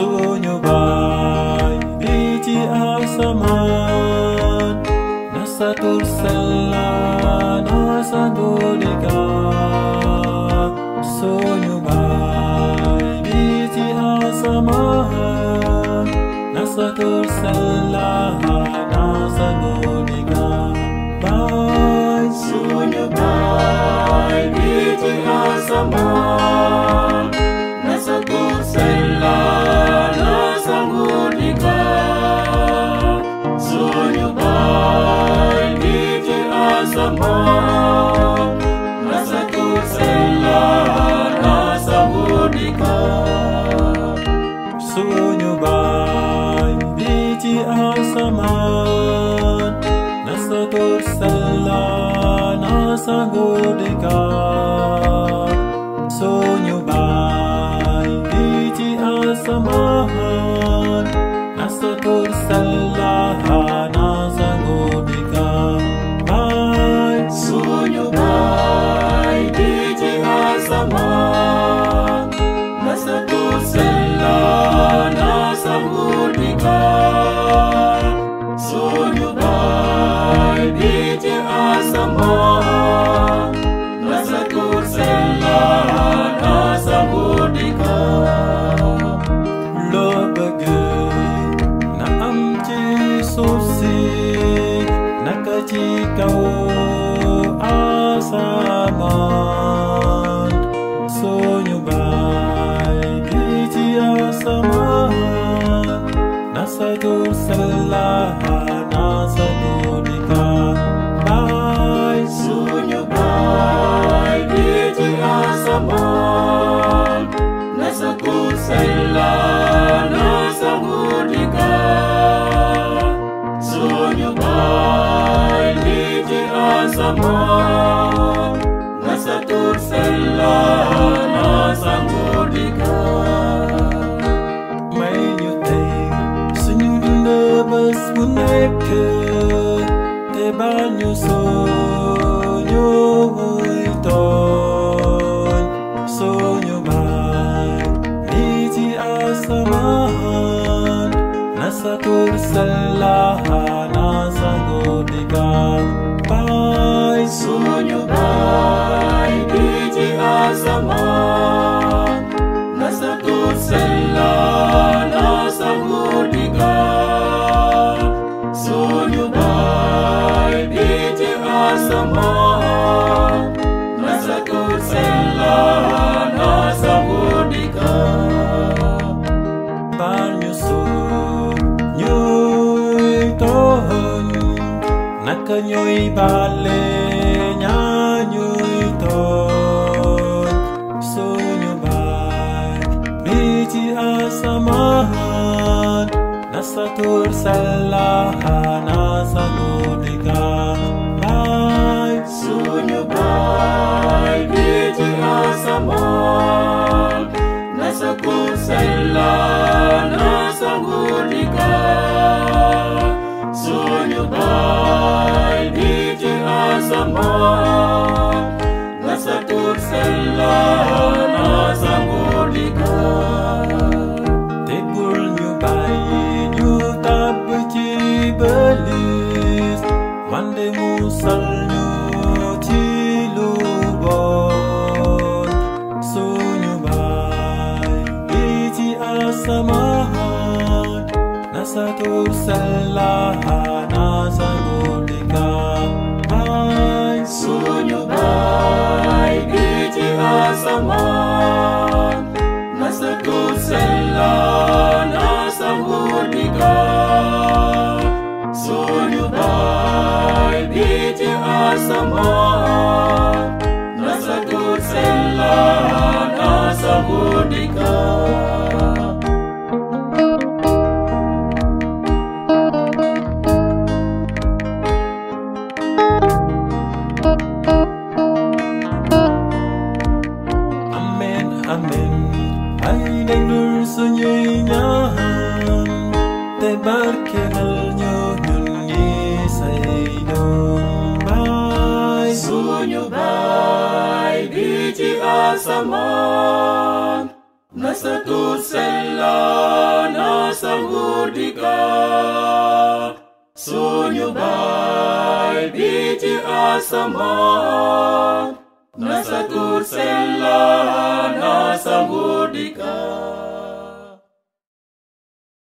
suñu baay bi ci asamaan na sa tur sell na sa suñu baay bi ci asamaan na sa tur sella na sa ngudikaat suñu baay bi ci asamaan taw asamaan suñu baay bi ci asamaan nasatu salaha nasatu dika baay suñu baay bi ci asamaan nasatu salaha nasatu dika suñu sama Nasa tur sella nasa ngudika May ñu tey suñu dunde bés bu nekk Te baal suñu wuy Suñu baay ni ci asamaan Nasa tur sella nasa ngudika Соню дай Биди Азаман Насатур Салла Насагур Нигар Соню дай Биди Азаман Насатур Салла Насагур Нигар Banyu Sun Nyui Tohon Naka Nyui Balai nyújtott Szúnyogvágy, Mécsi a szamahán Naszatur szellahán, Nasa nordigán Vágy, Szúnyogvágy nasa mahal, nasa tusal lahat. Aynaynur sunyenyahan Tebarkenal nyo nungi sa inyong bay Sunyo bay biti asaman Nasa tusela nasa hudika Sunyo bay biti asaman Nasa tusela nasa hudika